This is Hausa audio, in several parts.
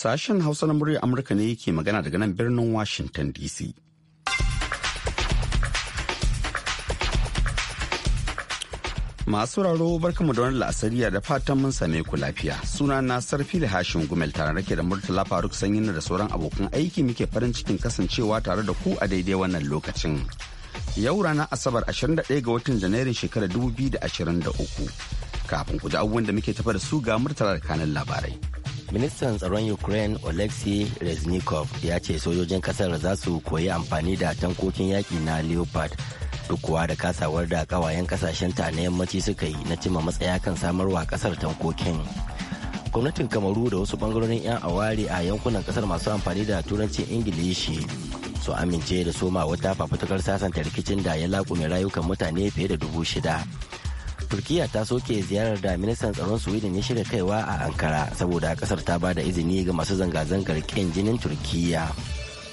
Sashen Hausa na muryar Amurka ne yake magana daga nan birnin Washington DC. Masu raro barkamu da wani la'asariya da fatan mun same ku lafiya. Suna na sarfi da hashin gumel tare rake da Murtala Faruk Sanyin da sauran abokan aiki muke farin cikin kasancewa tare da ku a daidai wannan lokacin. Yau ranar Asabar 21 ga watan Janairun shekarar 2023. Kafin ku ji abubuwan da muke tafa da su ga Murtala da kanan labarai. ministan tsaron ukraine oleksiy reznikov ya ce sojojin kasar za su koyi amfani da tankokin yaki na leopard duk kuwa da kasawar da kawayen kasashen ta na yammaci suka yi na cima matsaya kan samarwa kasar tankokin gwamnatin kamaru da wasu bangarorin 'yan awari a yankunan kasar masu amfani da turancin ingilishi su amince da soma wata fafutukar sasanta rikicin da ya laƙume rayukan mutane fiye da dubu shida turkiya ta soke ziyarar da ministan tsaron sweden ya shirya kaiwa a ankara saboda kasar ta ba da izini ga masu zanga-zangar kin jinin turkiya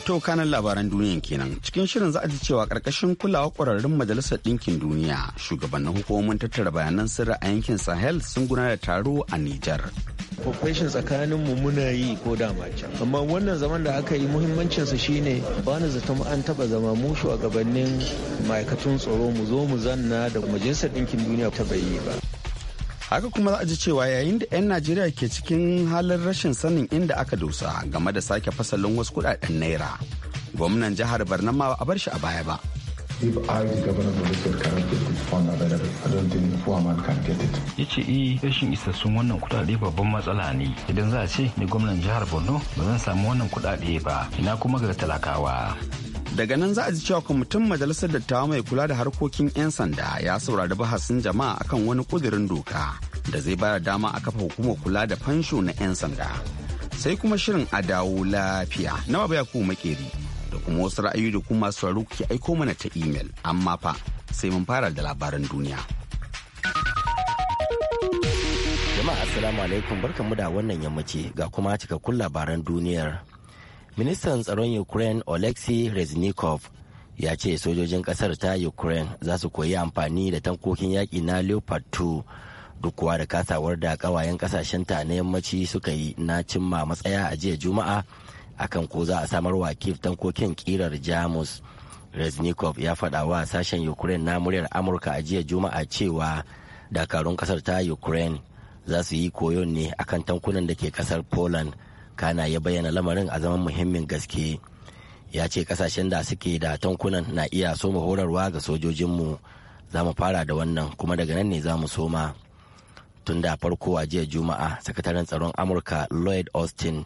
To kanan labaran duniyan kenan cikin shirin za a ji cewa karkashin kulawa kwararrun majalisar ɗinkin duniya shugabannin hukumomin tattara bayanan sirri a yankin Sahel sun gudanar da taro a Nijar. cooperation tsakanin mu muna yi ko da mace amma wannan zaman da aka yi muhimmancin su shine ba ni mu an taba zama mu shugabannin ma'aikatun tsaro mu zo mu zanna da majalisar ɗinkin duniya ta bai yi ba haka kuma za a ji cewa yayin da 'yan najeriya ke cikin halin rashin sanin inda aka dosa game da sake fasalin wasu kudaden naira gwamnan jihar barna ma a bar shi a baya ba ya ce eh rashin isassun wannan kudade babban matsala ne idan za a ce ni gwamnan jihar borno ba zan samu wannan kudade ba ina kuma ga talakawa daga nan za a ji cewa kwamitin majalisar dattawa mai kula da harkokin 'yan sanda ya saurari bahasin jama'a akan wani kudirin doka da zai bada dama a kafa hukumar kula da fansho na 'yan sanda sai kuma shirin a dawo lafiya na baya ku makeri da kuma wasu ra'ayoyi da kuma masu sauraro kuke aiko mana ta imel amma fa sai mun fara da labaran duniya jama'a assalamu alaikum barkanmu da wannan yammaci ga kuma cikakkun labaran duniyar ministan tsaron ukraine oleksiy reznikov ya ce sojojin kasar ta ukraine za su koyi amfani da tankokin yaƙi na leopard 2 duk kuwa da kasawar da kawayen kasashen ta na yammaci suka yi na cimma matsaya a jiya juma'a akan ko za a samar wa kif tankokin kirar jamus reznikov ya faɗa wa sashen ukraine na muryar amurka a jiya juma'a cewa dakarun kasar ta ukraine za su yi koyon ne akan tankunan da ke kasar poland kana ya bayyana lamarin a zaman muhimmin gaske ya ce kasashen da suke da tankunan na iya soma horarwa ga sojojinmu za mu fara da wannan kuma daga nan ne za mu soma tun da farko a jiya juma'a sakataren tsaron amurka lloyd austin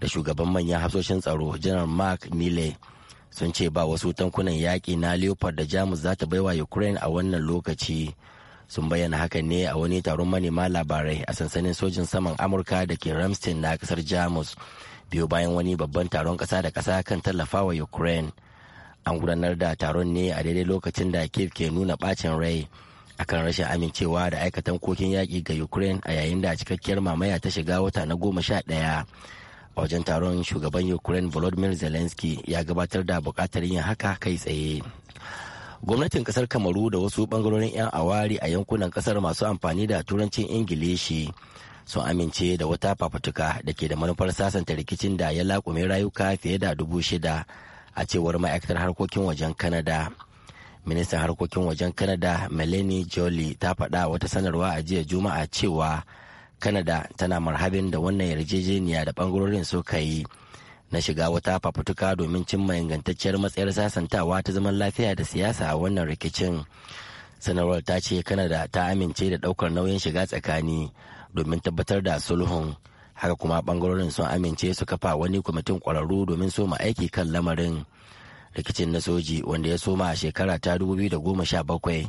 da shugaban manyan hafsoshin tsaro janar mark mille sun ce ba wasu tankunan yaƙi na leopard da jamus za ta baiwa ukraine a wannan lokaci sun bayyana hakan ne a wani taron manema labarai a sansanin sojin saman amurka da ke ramstein na kasar jamus biyu bayan wani babban taron kasa da kasa kan tallafa wa ukraine an gudanar da taron ne a daidai lokacin da kiev ke nuna bacin rai akan rashin amincewa da aikatan kokin yaƙi ga ukraine a yayin da cikakkiyar mamaya ta shiga wata na goma sha ɗaya a wajen taron shugaban ukraine volodymyr zelensky ya gabatar da bukatar yin haka kai tsaye gwamnatin kasar kamaru da wasu bangarorin 'yan awari a yankunan kasar masu amfani da turancin ingilishi sun amince da wata fafatuka da ke da manufar sasanta rikicin da ya laƙume rayuka fiye da dubu shida a cewar ma'aikatar harkokin wajen kanada ministan harkokin wajen kanada melanie jolie ta faɗa wata sanarwa a jiya juma'a cewa kanada tana marhabin da wannan yarjejeniya da bangarorin suka yi na shiga wata fafutuka domin cimma ingantacciyar matsayar sasantawa ta zaman lafiya da siyasa a wannan rikicin sanarwar ta ce kanada ta amince da daukar nauyin shiga tsakani domin tabbatar da sulhun haka kuma bangarorin sun amince su kafa wani kwamitin kwararru domin soma aiki kan lamarin rikicin na soji wanda ya soma a shekara ta 2017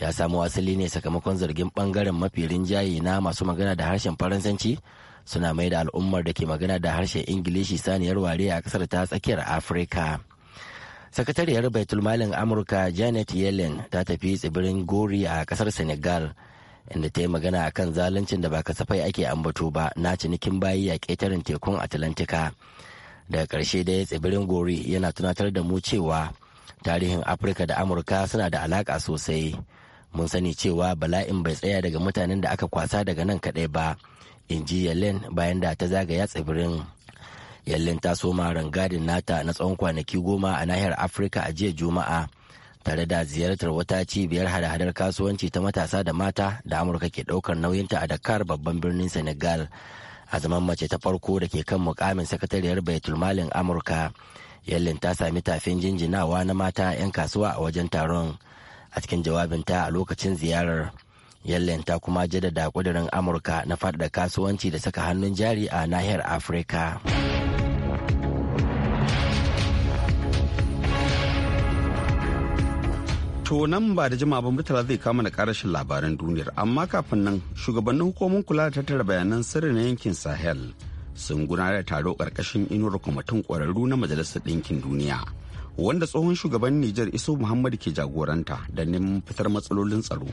ya samu asali ne sakamakon zargin bangaren mafi rinjaye na masu magana da harshen faransanci suna mai da al'ummar da ke magana da harshen ingilishi saniyar ware a kasar ta tsakiyar afirka sakatariyar baitulmalin amurka janet yellen ta tafi tsibirin gori a kasar senegal inda ta yi magana a kan zaluncin da ba kasafai ake ambato ba na cinikin bayi a ƙetaren tekun atlantika daga ƙarshe dai tsibirin gori yana tunatar da mu cewa tarihin afirka da amurka suna da alaƙa sosai mun sani cewa bala'in bai tsaya daga mutanen da aka kwasa daga nan kaɗai ba in yellen bayan da ta zagaya tsibirin yellen ta soma rangadin nata na tsawon kwanaki goma a nahiyar afirka a jiya juma'a tare da ziyartar wata cibiyar hada-hadar kasuwanci ta matasa da mata da amurka ke daukar nauyinta a dakar babban birnin senegal a zaman mace ta farko da ke kan mukamin sakatariyar baitulmalin amurka yallin ta sami tafin jinjinawa na mata 'yan kasuwa a wajen taron a cikin jawabinta a lokacin ziyarar yallenta kuma jaddada kudirin amurka na faɗaɗa kasuwanci da saka hannun jari a nahiyar afirka to nan ba da jima ba murtala zai kama da karashin labaran duniyar amma kafin nan shugabannin hukumomin kula da tattara bayanan sirri na yankin sahel sun gudanar da taro karkashin inuwar kwamitin kwararru na majalisar ɗinkin duniya wanda tsohon shugaban nijar iso muhammadu ke jagoranta da neman fitar matsalolin tsaro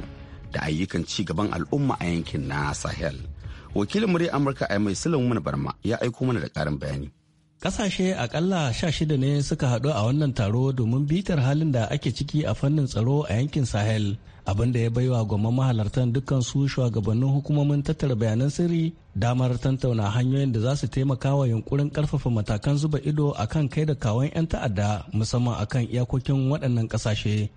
da ayyukan ci gaban al'umma a yankin na sahel wakilin murya amurka a mai mana barma ya aiko mana da karin bayani Ƙasashe akalla shida ne suka haɗu a wannan taro domin bitar halin da ake ciki a fannin tsaro a yankin Sahel, abin da ya baiwa gwamman mahalartan dukkan su shugabannin hukumomin tattara bayanan sirri damar tantauna hanyoyin da za su taimaka wa yunkurin karfafa matakan zuba ido akan kai da kawon 'yan ta'adda musamman akan iyakokin waɗannan kasashe.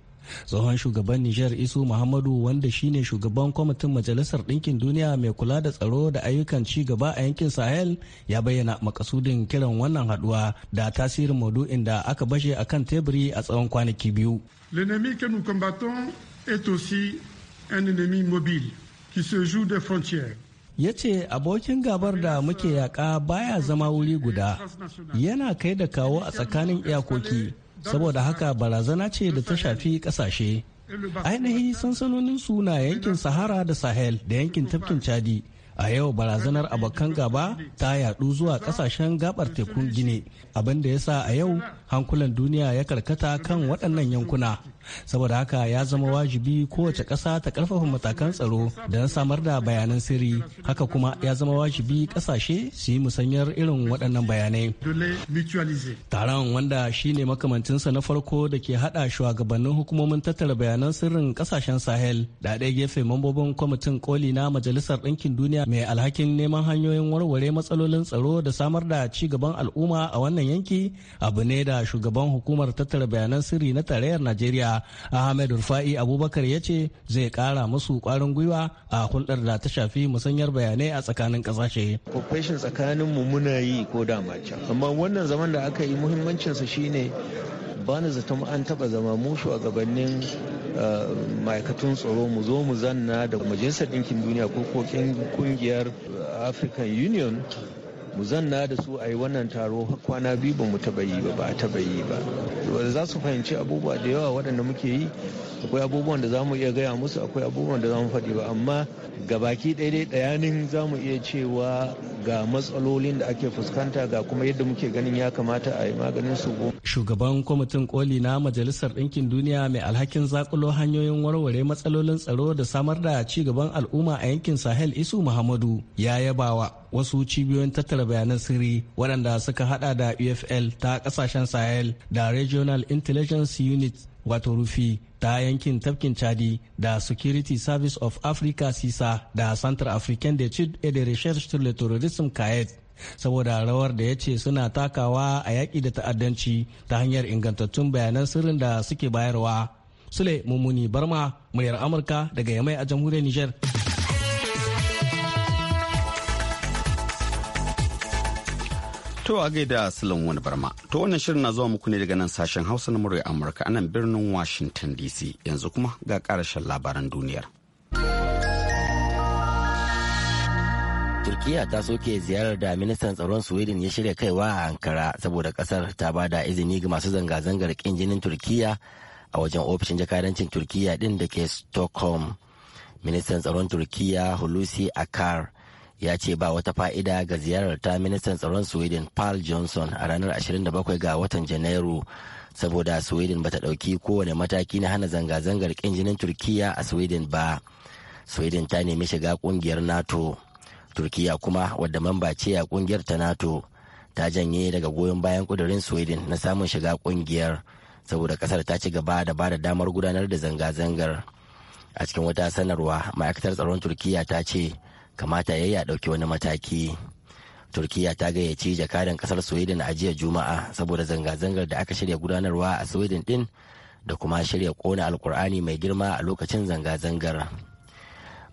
tsohon shugaban nijar isu muhammadu wanda shine shugaban kwamitin majalisar ɗinkin duniya mai kula da tsaro da ayyukan ci gaba a yankin sahel ya bayyana makasudin kiran wannan haduwa da tasirin maudu'in da aka bashe a kan teburi a tsawon kwanaki biyu l'ennemi que nous combattons est aussi ya ce abokin gabar da muke yaƙa baya zama wuri guda yana kai da kawo a tsakanin iyakoki saboda haka barazana ce da ta shafi kasashe ainihi sansanonin su na yankin sahara da sahel da yankin tafkin chadi a yau barazanar abokan gaba ta yadu zuwa kasashen gabar tekun gine abin da ya sa a yau hankulan duniya ya karkata kan waɗannan yankuna saboda haka ya zama wajibi kowace ƙasa ta ƙarfafa matakan tsaro da na samar da bayanan sirri haka kuma ya zama wajibi ƙasashe su yi musanyar irin waɗannan bayanai taron wanda shine makamancinsa na farko da ke haɗa shugabannin hukumomin tattara bayanan sirrin ƙasashen sahel da ɗaya gefe mambobin kwamitin koli na majalisar ɗinkin duniya mai alhakin neman hanyoyin warware matsalolin tsaro da samar da ci gaban al'umma a wannan yanki abu ne da shugaban hukumar tattara bayanan sirri na tarayyar najeriya ahmed rufa'i abubakar ya ce zai kara musu kwarin gwiwa a hulɗar da ta shafi musanyar bayanai a tsakanin kasashe. cooperation tsakanin mu muna yi ko da mace amma wannan zaman da aka yi muhimmancinsa shine bani mu an taɓa zama mu shugabannin eh, ma'aikatun tsaro mu zo mu zanna da majalisar ɗinkin duniya ko kungiyar african union mu zanna da su a yi wannan taro kwana biyu ba mu taɓa yi ba ba a taɓa yi ba za su fahimci abubuwa da yawa waɗanda muke yi akwai abubuwan da za mu iya gaya musu akwai abubuwan da za mu faɗi ba amma ga gabaki ɗaya ɗayanin za mu iya cewa ga matsalolin da ake fuskanta ga kuma yadda muke ganin ya kamata a yi maganin su shugaban kwamitin koli na majalisar ɗinkin duniya mai alhakin zakulo hanyoyin warware matsalolin tsaro da samar da ci gaban al'umma a yankin sahel isu muhammadu ya yabawa wasu cibiyoyin tattara bayanan sirri waɗanda suka hada da ufl ta ƙasashen sahel da regional intelligence unit wato rufi ta yankin tafkin chadi da security service of africa sisa da central african de chid et de recherche sur le terrorisme kayet saboda rawar da ya ce suna takawa a yaƙi da ta'addanci ta hanyar ingantattun bayanan sirrin da suke bayarwa sule mummuni barma muryar amurka daga yamai a jamhuriyar niger To a gaida wani barma. To wannan shirin na zuwa muku ne daga nan sashen Hausa na murya Amurka anan birnin Washington DC. Yanzu kuma ga karashen labaran duniyar. Turkiya ta soke ziyarar da ministan tsaron Sweden ya shirya kaiwa a Ankara saboda kasar ta ba da izini ga masu zanga-zangar kin jinin Turkiya a wajen ofishin jakadancin Turkiya din da ke Stockholm. Ministan tsaron Turkiya Hulusi Akar ya ce ba wata fa'ida ga ziyarar ta ministan tsaron sweden paul johnson a ranar 27 ga watan janairu saboda sweden bata dauki kowane mataki na hana zanga-zangar kin jinin turkiya a sweden ba sweden ta nemi shiga kungiyar nato turkiya kuma wadda mamba ce a kungiyar ta nato ta janye daga goyon bayan kudurin sweden na samun shiga kungiyar saboda kasar ta ci gaba da ba da damar gudanar da zanga-zangar a cikin wata sanarwa ma'aikatar tsaron turkiya ta ce kamata ya yi a ɗauki wani mataki turkiya ta gayyaci jakadan kasar sweden a jiya juma'a saboda zanga-zangar da aka shirya gudanarwa a sweden din da kuma shirya kona alkur'ani mai girma a lokacin zanga-zangar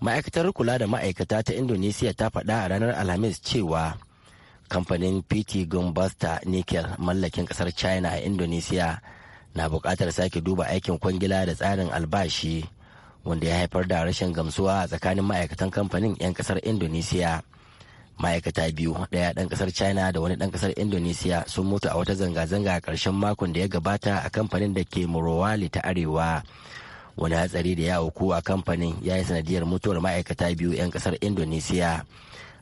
ma'aikatar kula da ma'aikata ta indonesia ta faɗa a ranar alhamis cewa kamfanin pt gumbasta nickel mallakin kasar china a indonesia na buƙatar sake duba aikin kwangila da tsarin albashi wanda ya haifar da rashin gamsuwa a tsakanin ma'aikatan kamfanin 'yan kasar indonesiya ma'aikata biyu daya dan kasar china da wani dan kasar indonesiya sun mutu a wata zanga-zanga a karshen makon da ya gabata a kamfanin da ke morowali ta arewa wani hatsari da ya auku a kamfanin ya yi sanadiyar mutuwar ma'aikata biyu 'yan kasar indonesiya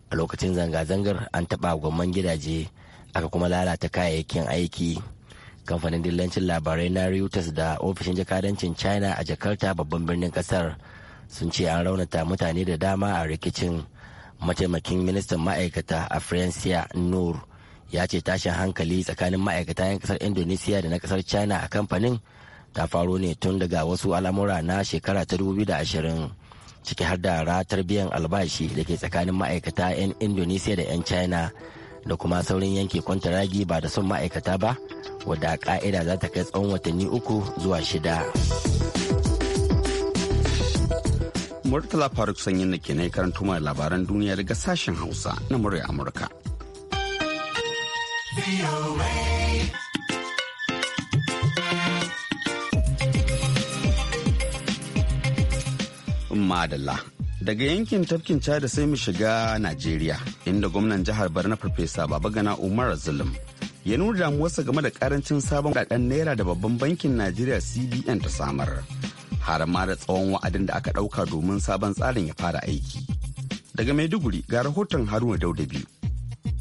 a lokacin zanga-zangar an taɓa gwamman gidaje aka kuma lalata kayayyakin aiki kamfanin dillancin labarai na reuters da ofishin jakadancin china a jakarta babban birnin kasar sun ce an raunata mutane da dama a rikicin mataimakin ministan ma'aikata a francia nur ya ce tashin hankali tsakanin ma'aikata 'yan kasar indonesia da na kasar china a kamfanin ta faro ne tun daga wasu al'amura na shekara ta 2020 ciki har da ratar biyan albashi da ke tsakanin ma'aikata 'yan indonesia da 'yan china da kuma saurin yanke kwantaragi ba da son ma'aikata ba wadda ka'ida za ta kai tsawon watanni uku zuwa shida. Murtala Faruk sanyi da ke na karanto mai labaran duniya daga sashen Hausa na murya Amurka. Madalla. Daga yankin tafkin da sai mu shiga Najeriya, inda gwamnan jihar Barna Farfesa Babagana Umar Zulum ya nuna damuwarsa game da karancin sabon kudaden naira da babban bankin najeriya cbn ta samar har ma da tsawon wa'adin da aka ɗauka domin sabon tsarin ya fara aiki daga maiduguri ga rahoton haruna biyu.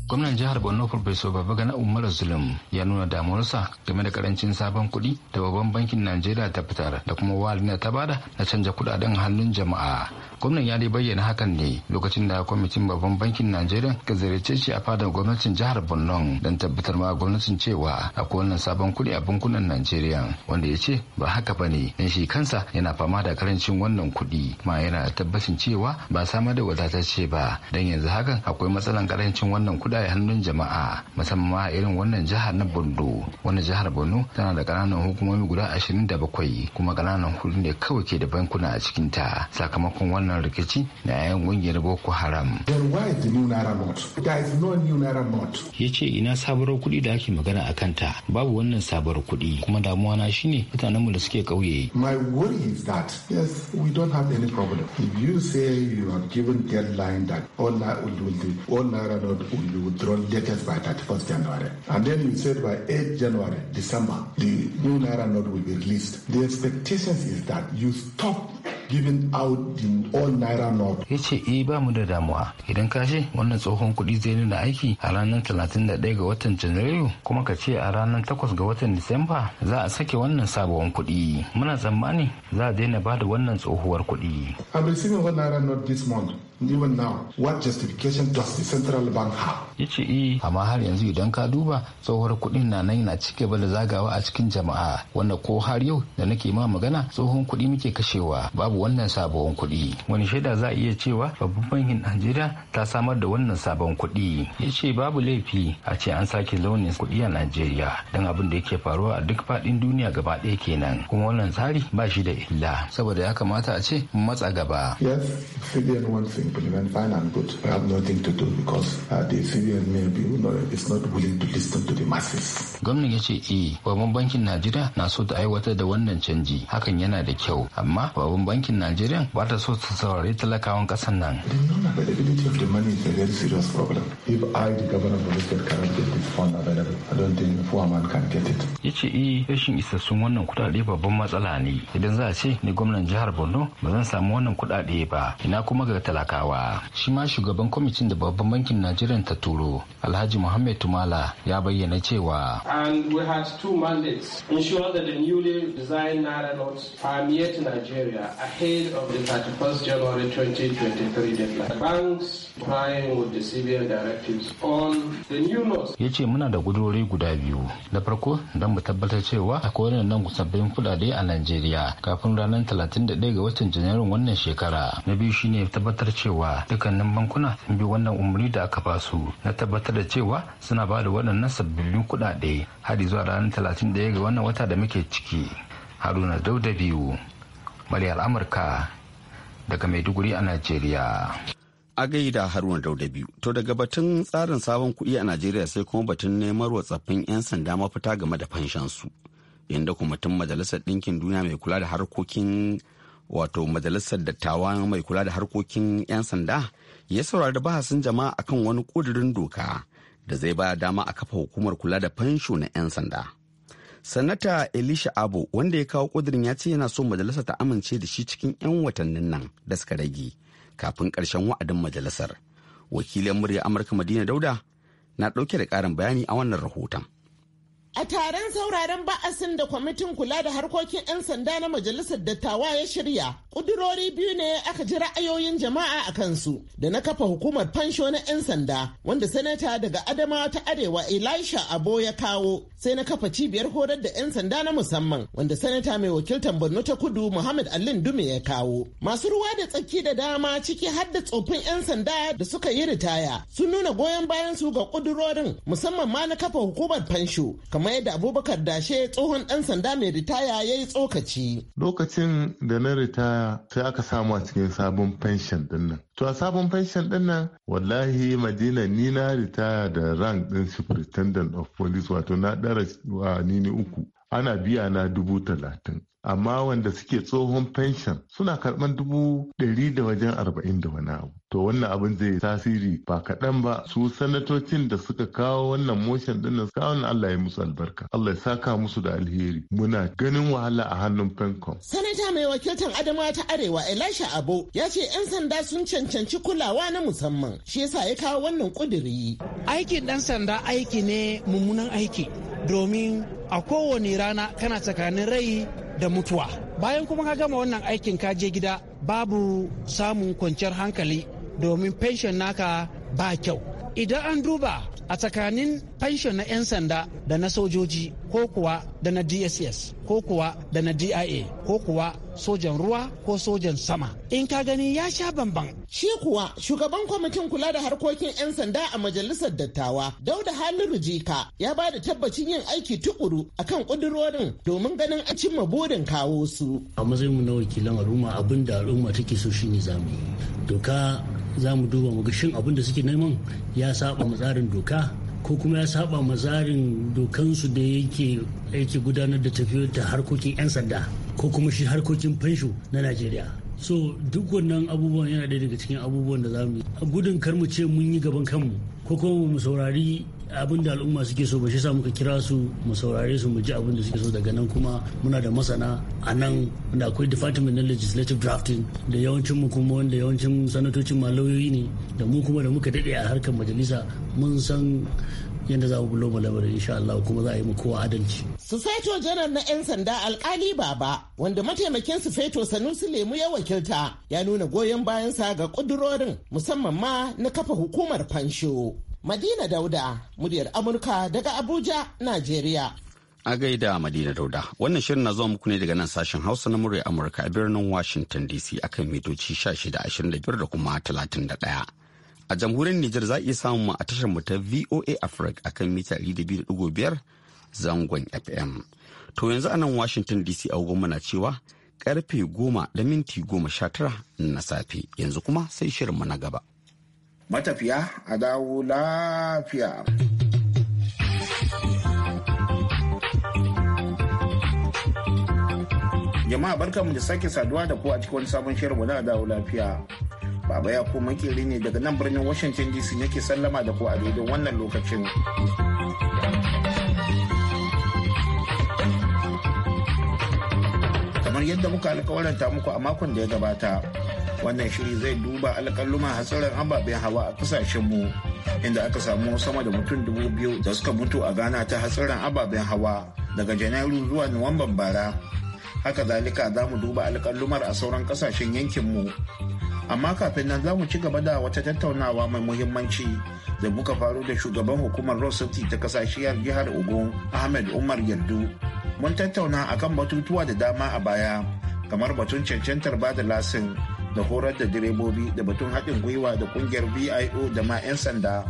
gwamnan jihar borno farfesa na umar zulum ya nuna damuwarsa game da karancin sabon kuɗi da babban bankin najeriya ta fitar da kuma walin ta bada na canja kudaden hannun jama'a gwamnan ya dai bayyana hakan ne lokacin da kwamitin babban bankin najeriya ka ziyarce shi a fadar gwamnatin jihar borno don tabbatar ma gwamnatin cewa akwai wannan sabon kuɗi a bankunan najeriya wanda ya ce ba haka ba ne dan shi kansa yana fama da karancin wannan kuɗi ma yana tabbacin cewa ba samar da wadatacce ba don yanzu hakan akwai matsalan karancin wannan kuɗi layi hannun jama'a musamman irin wannan jihar na Bondo wannan jihar Borno tana da ƙananan hukumomi guda ashirin da bakwai kuma ƙananan hudu ne kawai ke da bankuna a cikin ta sakamakon wannan rikici na yayin ƙungiyar Boko Haram. Ya ce ina sabuwar kuɗi da ake magana a kanta babu wannan sabuwar kuɗi kuma damuwa na shine mutanenmu da suke ƙauye. My worry yes we don't have any problem. If you say you given deadline that all will do, all will do withdrawn latest by 31st January. And then we said by 8 January, December, the new Naira note will be released. The expectations is that you stop giving out the old naira note. Ya ce eh ba mu da damuwa idan ka ce wannan tsohon kuɗi zai nuna aiki a ranar 31 ga watan Janairu kuma ka ce a ranar 8 ga watan Disamba za a sake wannan sabuwar kuɗi. Muna tsammani za a daina ba da wannan tsohuwar kuɗi. I'm receiving one naira note this month. even now what justification does the central bank have ya ce eh amma har yanzu idan ka duba tsohuwar kuɗin na nan yana ci gaba da zagawa a cikin jama'a wanda ko har yau da nake ma magana tsohon kuɗi muke kashewa babu wannan sabon kuɗi wani shaida za a iya cewa babban bankin najeriya ta samar da wannan sabon kuɗi yace babu laifi a ce an sake launin kuɗi a najeriya dan abin da yake faruwa a duk faɗin duniya gaba ɗaya kenan kuma wannan tsari ba shi da illa saboda ya kamata a ce matsa gaba yes, one thing. implement finance, good. we have nothing to do because uh, the civilian maybe you no, is not willing to listen to the masses. Gwamnan ya ce eh babban bankin Najeriya na so ta aiwatar da wannan canji hakan yana da kyau amma babban bankin Najeriya ba ta so ta saurari talakawan kasar nan. The non-availability of the money is a very serious problem. If I, the governor of the state, cannot get this fund available, I don't think poor man can get it. Ya ce eh rashin isassun wannan kuɗaɗe babban matsala ne idan za a ce ni gwamnan jihar Borno ba zan samu wannan kuɗaɗe ba ina kuma ga talaka talakawa shi ma shugaban kwamitin da babban bankin najeriya ta turo alhaji muhammed tumala ya bayyana cewa and we had two mandates ensure that the newly designed naira notes permeate nigeria ahead of the 31st january 2023 deadline banks complying with the cbn directives on the new notes ya ce muna da gudurori guda biyu da farko don mu tabbatar cewa akwai waɗannan sabbin kudade a najeriya kafin ranar 31 ga watan janairun wannan shekara na biyu shine tabbatar cewa cewa dukkanin bankuna sun bi wannan umarni da aka su na tabbatar da cewa suna ba da waɗannan sabbin kuɗaɗe har zuwa ranar talatin da ga wannan wata da muke ciki haruna dauda biyu muryar amurka daga maiduguri a najeriya a gaida haruna dauda biyu to daga batun tsarin sabon kuɗi a najeriya sai kuma batun neman watsaffin 'yan sanda mafita game da fanshansu inda kuma tun majalisar ɗinkin duniya mai kula da harkokin wato majalisar dattawa mai kula da harkokin 'yan sanda ya saurari bahasin jama'a akan wani ƙudirin doka da zai ba dama a kafa hukumar kula da fansho na 'yan sanda. Sanata Elisha Abu wanda ya kawo ƙudirin ya ce yana so majalisa ta amince da shi cikin 'yan watannin nan da suka rage kafin karshen wa'adin majalisar. Wakilin murya Amurka Madina Dauda na dauke da ƙarin bayani a wannan rahoton. A taron sauraren ba'asin da kwamitin kula da harkokin 'yan sanda na majalisar dattawa ya shirya, ƙudurori biyu ne aka ji ra'ayoyin jama'a a kansu da na kafa hukumar fansho na 'yan sanda wanda sanata daga Adama ta Arewa Elisha Abo ya kawo sai na kafa cibiyar horar da 'yan sanda na musamman wanda sanata mai wakiltar Borno ta Kudu Muhammad Allin Dume ya kawo. Masu ruwa da tsaki da dama ciki har da tsofin 'yan sanda da suka yi ritaya sun nuna goyon bayan su ga ƙudurorin musamman ma na kafa hukumar fansho kamar kamar da abubakar dashe tsohon dan sanda mai ritaya ya yi tsokaci lokacin da na ritaya sai aka samu a cikin sabon fenshin dinnan to a sabon fenshin dinnan wallahi madina ni na ritaya da rank din superintendent of police wato na dara ni ne uku ana biya na dubu talatin amma wanda suke tsohon pension suna karɓan dubu ɗari da wajen arba'in da wani abu to wannan abin zai tasiri ba kaɗan ba su sanatocin da suka kawo wannan motion ɗin nan kawo Allah ya musu albarka Allah ya saka musu da alheri muna ganin wahala a hannun fencom sanata mai wakiltar adamawa ta arewa elisha abo ya ce 'yan sanda sun cancanci kulawa na musamman shi yasa ya kawo wannan kuduri aikin dan sanda aiki ne mummunan aiki domin a kowane rana kana tsakanin rai da mutuwa bayan kuma ka gama wannan aikin ka je gida babu samun kwanciyar hankali domin pension naka ba kyau idan an duba a tsakanin fanshon na 'yan sanda da na sojoji ko kuwa da na dss ko kuwa da na dia ko kuwa sojan ruwa ko sojan sama in ka gani ya sha bamban. shi kuwa shugaban kwamitin kula da harkokin 'yan sanda a majalisar dattawa dauda halin rijika ya ba da tabbacin yin aiki tukuru kan kudurorin domin ganin an cimma burin kawo su a matsayin mu na wakilan al'umma abin da al'umma take so shine zamu doka za mu duba mu shin abin da suke neman ya saba mu tsarin doka ko kuma ya saba ma tsarin dokansu da yake yake gudanar da tafiyar da harkokin 'yan sanda ko kuma shi harkokin fansho na najeriya so duk wannan abubuwan yana ɗaya daga cikin abubuwan da za mu yi gudun kar mu ce mun yi gaban kanmu ko kuma mu saurari abin da al'umma suke so ba shi sa muka kira su mu saurare su mu ji abin da suke so daga nan kuma muna da masana a nan da akwai department na legislative drafting da yawancin mu kuma wanda yawancin sanatocin ma lauyoyi ne da mu kuma da muka dade a harkar majalisa mun san yadda za mu bulo mu lamarin insha Allah kuma za a yi mu kowa adalci. Sufeto janar na 'yan sanda alkali baba wanda mataimakin su feto sanusi lemu ya wakilta ya nuna goyon bayan sa ga kudurorin musamman ma na kafa hukumar fansho. Madina Dauda, muryar Amurka daga Abuja, Najeriya. A gaida Madina Dauda, wannan shirin na zuwa muku ne daga nan sashen Hausa na muryar Amurka a birnin Washington DC akan mitoci 1625 da kuma 31. A jamhuriyar Nijar za a iya samun mu a tashar mu ta VOA Africa akan mita 200.5 zangon FM. To yanzu a nan Washington DC a goma cewa karfe goma da minti goma sha tara na safe yanzu kuma sai shirin mu na gaba. matafiya a dawo lafiya. Jama'a barkanmu da sake saduwa da ku a cikin wani sabon shirin a dawo lafiya. Baba ya ko makeri ne daga nan birnin Washington DC yake sallama da ku a daidai wannan lokacin. Kamar yadda muka alkawaranta muku a makon da ya gabata. wannan shiri zai duba alƙalluman hatsarin ababen hawa a ƙasashenmu. inda aka samu sama da mutum dubu biyu da suka mutu a ghana ta hatsarin ababen hawa daga janairu zuwa nuwamban bara haka zalika za mu duba alƙallumar a sauran kasashen mu amma kafin nan za mu ci gaba da wata tattaunawa mai muhimmanci da muka faru da shugaban hukumar rosati ta kasashiyar jihar ogun ahmed umar yardu mun tattauna akan batutuwa da dama a baya kamar batun cancantar bada lasin da horar da direbobi da batun haɗin gwiwa da kungiyar bio da ma 'yan sanda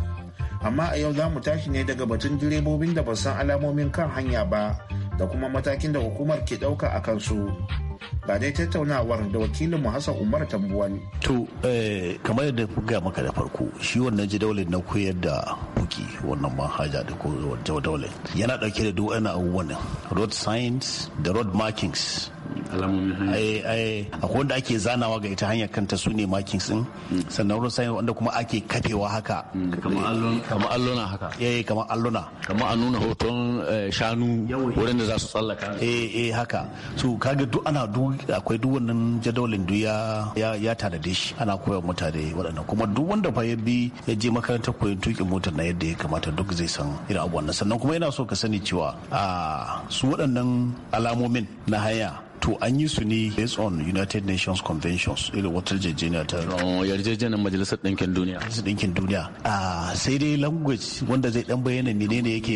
amma a yau za mu tashi ne daga batun direbobin da ba san alamomin kan hanya ba da kuma matakin da hukumar ke ɗauka a kansu ga dai tattaunawar da wakilin mu Hassan Umar tambuwan. To eh, kamar yadda ku gaya maka da farko shi wannan jadawalin na koyar da buki wannan manhaja da ko jadawalin yana dauke da duk wani abubuwan road signs da road markings alamomin hanya akwai wanda ake zanawa ga ita hanyar kanta su ne makin sun sannan wurin sayan wanda kuma ake kafewa haka mm, kamar alluna haka ya eh, kamar alluna kamar a nuna hoton eh, shanu wurin da za su tsallaka eh eh haka su kaga duk ana duk akwai duk wannan jadawalin duk ya ya tanade shi ana koyar mutane waɗannan kuma duk wanda fa ya bi ya je makarantar koyon tukin motar na yadda ya kamata duk zai san irin abubuwan sannan kuma yana so ka sani cewa a ah, su waɗannan alamomin na haya to an yi su ne based on united nations conventions irin wata jejjeniya ta yarjejeniyar majalisar ɗinkin duniya majalisar ɗinkin duniya ah, sai dai language wanda zai dan bayyana menene yake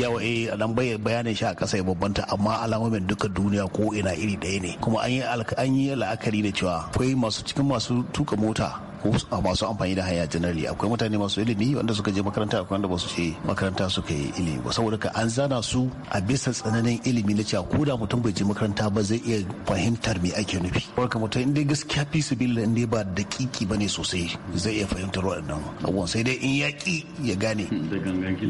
yawa eh, a dan bayanin shi a ƙasa ya babbanta amma alamomin duka duniya ko ina iri ɗaya ne kuma an yi la'akari da cewa akwai masu cikin masu tuka mota A ko masu amfani da haya janarali akwai mutane masu ilimi wanda suka je makaranta akwai wanda ba su je makaranta suka yi ilimi ba saboda ka an zana su a bisa tsananin ilimi na cewa ko da mutum bai je makaranta ba zai iya fahimtar me ake nufi barka mutum indai gaskiya fi su bila in dai ba da kiki bane sosai zai iya fahimtar waɗannan abubuwan sai dai in ya ki ya gane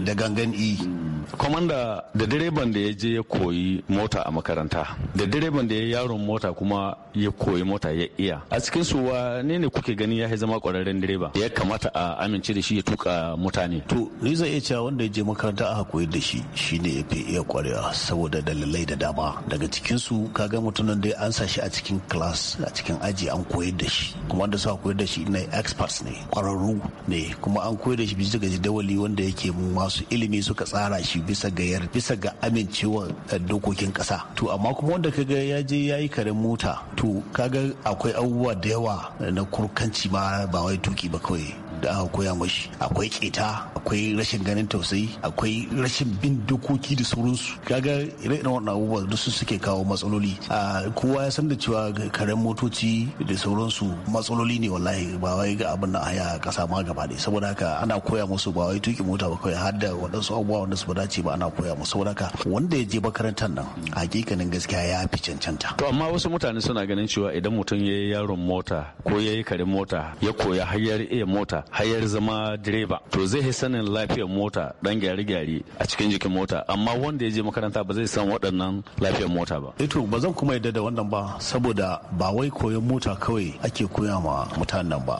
da gangan i hmm. Kwamanda da direban da ya je ya koyi mota a makaranta, da direban da ya yaron mota kuma ya koyi mota ya iya. A cikin su wane ne kuke gani ya zama kwararren direba? Ya kamata a amince da shi ya tuka mutane. To, ni zai iya cewa wanda ya je makaranta aka koyi da shi shi ne ya fi iya kwarewa saboda dalilai da dama. Daga cikin su ga mutumin da an sa shi a cikin class a cikin aji an koyar da shi. Kuma wanda suka koyar da shi ne experts ne, kwararru ne, kuma an koyar da shi bisa ga jadawali wanda yake masu ilimi suka tsara shi. shi bisa ga yar bisa ga amincewar eh, dokokin kasa to amma kuma wanda kaga ya je ya yi karen mota to kaga akwai abubuwa da yawa eh, na kurkanci ma ba wai tuki ba kawai da aka koya mashi akwai keta akwai rashin ganin tausayi akwai rashin bin dokoki da sauransu kaga irin wannan abubuwa da su suke kawo matsaloli a kowa ya san da cewa karen motoci da sauransu matsaloli ne wallahi ba wai ga abin nan haya kasa ma gaba ne saboda haka ana koya musu ba wai tuki mota ba kawai har da waɗansu abubuwa wanda su ba dace ba ana koya musu saboda haka wanda ya je makarantar nan hakikanin gaskiya ya fi cancanta to amma wasu mutane suna ganin cewa idan mutum ya yi yaron mota ko ya yi karen mota ya koya har iya mota hayar zama direba to zai yi sanin lafiyar mota dan gyare-gyare a cikin jikin mota amma wanda ya je makaranta ba zai san waɗannan lafiyar mota ba. Ito eh ba zan kuma yadda da wannan ba saboda ba wai koyon mota kawai ake koya ma mutanen ba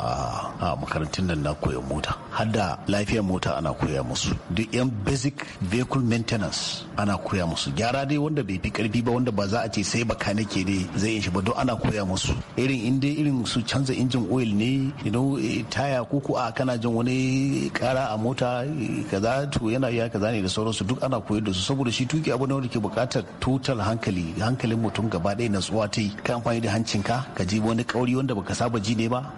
a makarantun nan na koyon mota har da lafiyar mota ana koya musu duk yan basic vehicle maintenance ana koya musu gyara dai wanda bai fi karfi ba wanda ba za a ce sai baka ke ne zai yin shi ba duk ana koya musu irin in dai irin su canza injin oil ne you eh, taya ko ko a kana jin wani kara a mota kaza to yana iya kaza ne da sauransu duk ana koyar da su saboda shi tuki abu ne wanda ke buƙatar total hankali hankalin mutum gaba ɗaya natsuwa ta yi ka amfani da hancinka ka ji wani kauri wanda baka saba ji ne ba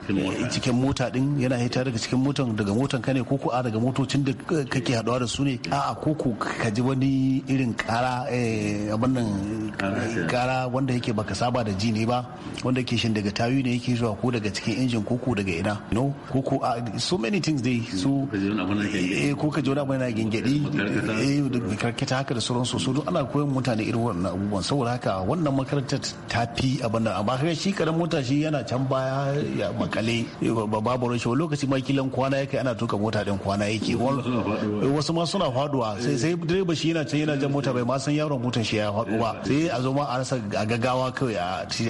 cikin mota din eh, yana hita daga cikin motan daga motan ka ne ko ko a daga motocin da kake haɗuwa da su ne a'a ko ko ka ji wani irin kara eh, abin nan kara wanda yake baka saba da ji ne ba wanda ke shin daga tayu ne yake zuwa ko daga cikin injin koko daga ina no koko a so many things dai su ko ka jona bana gingedi eh, eh karkata haka da sauransu so duk ana koyon mutane irin wannan abubuwan saboda haka wannan makarantar ta fi abin nan amma kaga shi karan mota shi yana can baya ya makale babu rashin wani lokaci ma kilan kwana yake ana tuka mota din kwana yake wasu eh, ma suna faduwa sai sai direba shi yana can yana jan mota bai ma san yaron motar shi ya faɗu ba eh. sai a zo ma a rasa a gaggawa kawai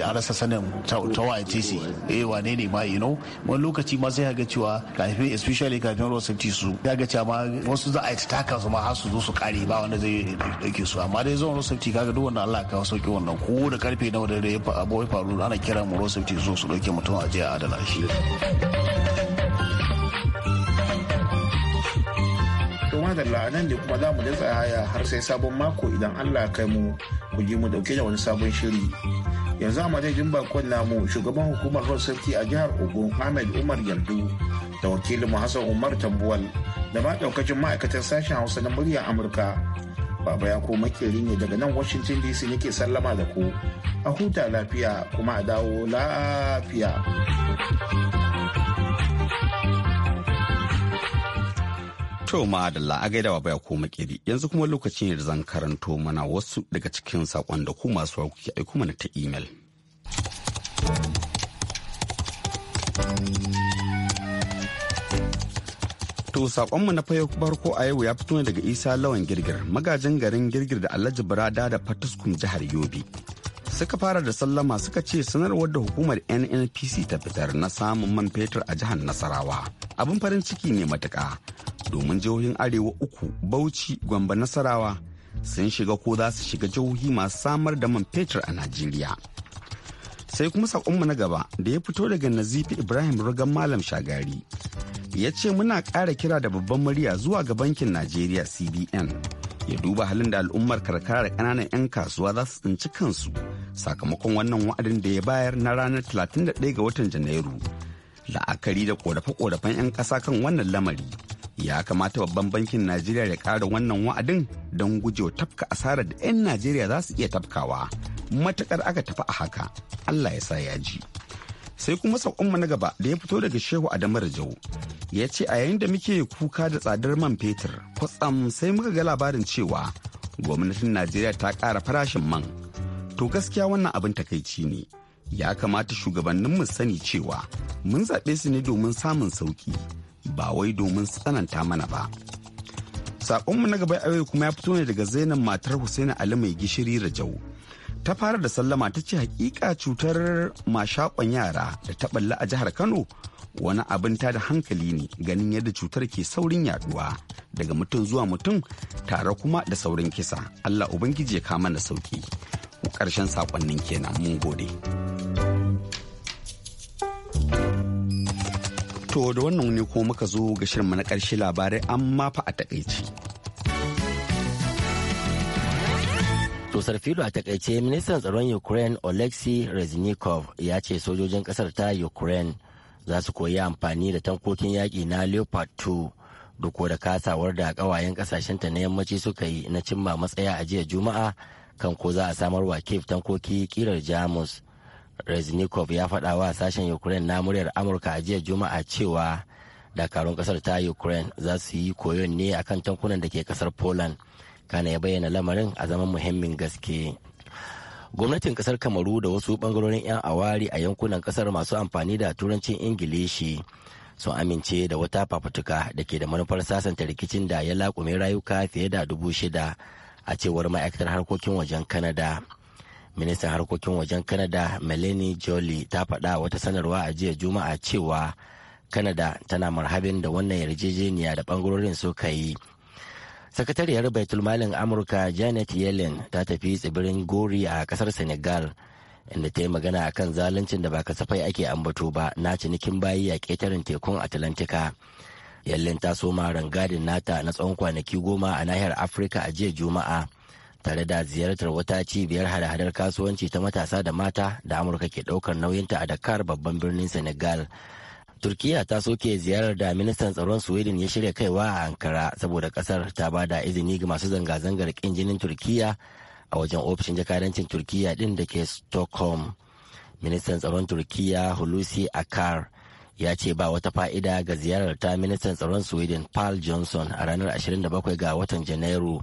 a rasa sanin tawa a tc eh wane ne ma you know wani lokaci ma sai ga cewa kafin especially kafin sun ci su ya ga cewa wasu za a yi taka su ma har su zo su kare ba wanda zai dauke su amma dai zan road safety kaga duk wanda Allah ka sauke wannan ko da karfe na wadanda ya faru ana kira mu ruwa sun ci su dauke mutum a je a adana shi da la'anan ne kuma za mu da haya har sai sabon mako idan Allah kai mu ku je mu dauke da wani sabon shiri yanzu a madadin bakon namu shugaban hukumar road a jihar ogun ahmed umar yardu da wakilin mu Hassan Umar Tambuwal da ma daukacin ma'aikatan sashen Hausa na murya Amurka. Baba ya ko makeri ne daga nan Washington DC nake sallama da ku. A huta lafiya kuma a dawo lafiya. ma Adalla a gaida baba ya ko makeri yanzu kuma lokaci ne da zan karanto mana wasu daga cikin saƙon da ku masu kuke aiko mana ta imel. To sakonmu na fayo ko a yau ya fito ne daga Isa Lawan Girgir, magajin garin Girgir da Alhaji Burada da Fatuskum jihar Yobe. Suka fara da sallama suka ce sanarwar da hukumar NNPC ta fitar na samun man fetur a jihar Nasarawa. Abin farin ciki ne matuka domin jihohin Arewa uku Bauchi, Gwamba Nasarawa sun shiga ko za su shiga jihohi masu samar da man fetur a Najeriya. Sai kuma sakonmu na gaba da ya fito daga Nazifi Ibrahim Rugan Malam Shagari. ya ce muna ƙara kira da babban murya zuwa ga bankin najeriya cbn ya duba halin da al'ummar karkara da ƙananan 'yan kasuwa za su tsinci kansu sakamakon wannan wa'adin da ya bayar na ranar 31 ga watan janairu la'akari da korafe-korafen 'yan ƙasa kan wannan lamari ya kamata babban bankin najeriya ya ƙara wannan wa'adin don gujewa tafka asarar da 'yan najeriya za su iya tafkawa matakar aka tafi a haka allah ya sa ya ji sai kuma saƙonmu na gaba da ya fito daga shehu adamar jau ya ce a yayin da muke kuka da tsadar man fetur kwatsam sai muka ga labarin cewa gwamnatin najeriya ta ƙara farashin man to gaskiya wannan abin takaici ne ya kamata shugabannin mu sani cewa mun zaɓe su ne domin samun sauƙi ba wai domin tsananta mana ba saƙonmu na gaba kuma ya fito ne daga zainab matar husaini ali mai gishiri rajau ta fara da sallama ta ce hakika cutar mashakon yara da ta balla a jihar kano wani abin ta da hankali ne ganin yadda cutar ke saurin yaduwa daga mutum zuwa mutum tare kuma da saurin kisa allah ubangiji ya kama na sauki ƙarshen sakonnin kenan mun gode to da wannan ne ko muka zo ga shirinmu na ƙarshe labarai amma fa a takaici Tusar filo a takaice ministan tsaron Ukraine Oleksiy Reznikov ya ce sojojin kasar ta Ukraine za su koyi amfani da tankokin yaƙi na Leopard 2 duk da kasawar da ƙawayen ƙasashenta na yammaci suka yi na cimma matsaya a jiya Juma'a kan ko za a samar wa Kiev tankoki kirar Jamus. Reznikov ya faɗa wa sashen Ukraine na muryar Amurka a jiya Juma'a cewa dakarun ƙasar ta Ukraine za su yi koyon ne akan tankunan da ke ƙasar Poland. kana ya bayyana lamarin a zaman muhimmin gaske gwamnatin kasar kamaru da wasu bangarorin 'yan awari a yankunan kasar masu amfani da turancin ingilishi sun amince da wata fafutuka da ke da manufar sasanta rikicin da ya laƙume rayuka fiye da dubu shida a cewar ma'aikatar harkokin wajen kanada ministan harkokin wajen kanada melanie jolly ta faɗa wata sanarwa a jiya juma'a cewa kanada tana marhabin da wannan yarjejeniya da bangarorin suka yi sakatariyar baitulmalin amurka janet yellen ta tafi tsibirin gori a kasar senegal inda ta yi magana a kan zaluncin da ba kasafai ake ambato ba na cinikin bayi a ƙetaren tekun atlantika yellen ta soma rangadin nata na tsawon kwanaki goma a nahiyar afirka a jiya juma'a tare da ziyartar wata cibiyar hada-hadar kasuwanci ta matasa da mata da amurka ke ɗaukar nauyinta a dakar babban birnin senegal turkiya ta soke ziyarar da ministan tsaron sweden ya shirya kaiwa a ankara saboda kasar ta ba da izini ga masu zanga-zangar kin jinin turkiya a wajen ofishin jakadancin turkiya din da ke stockholm ministan tsaron turkiya hulusi akar ya ce ba wata fa'ida ga ziyarar ta ministan tsaron sweden paul johnson a ranar 27 ga watan janairu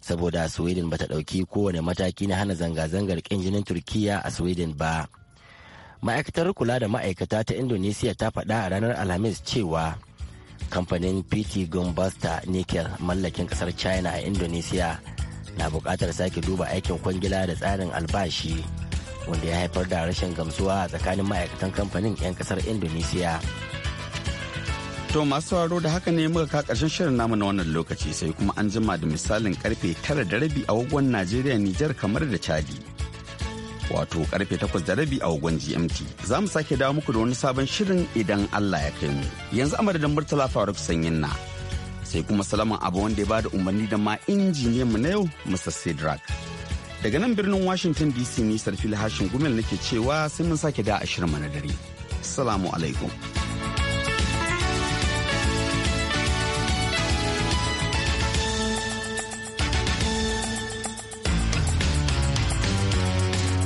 saboda sweden bata ɗauki kowane mataki na hana zanga-zangar kin jinin turkiya a sweden ba. ma'aikatar kula da ma'aikata ta indonesia ta faɗa a ranar alhamis cewa kamfanin pt gumbasta nickel mallakin kasar china a indonesia na buƙatar sake duba aikin kwangila da tsarin albashi wanda ya haifar da rashin gamsuwa a tsakanin ma'aikatan kamfanin 'yan kasar indonesia. To masu sauraro da haka ne muka ka karshen shirin namu na wannan lokaci sai kuma an jima da misalin karfe tara da rabi a wagon Najeriya Nijar kamar da Chadi wato karfe takwas da rabi a wagon GMT. Za mu sake dawo muku da wani sabon shirin idan Allah ya kai mu. Yanzu a madadin Murtala Faruk Sanyin na. Sai kuma salaman abu wanda ya bada umarni da ma injiniyan mu na yau Mr. sidrak Daga nan birnin Washington DC ni Sarfil Hashin Gumel nake cewa sai mun sake da a shirin na dare. Salamu alaikum.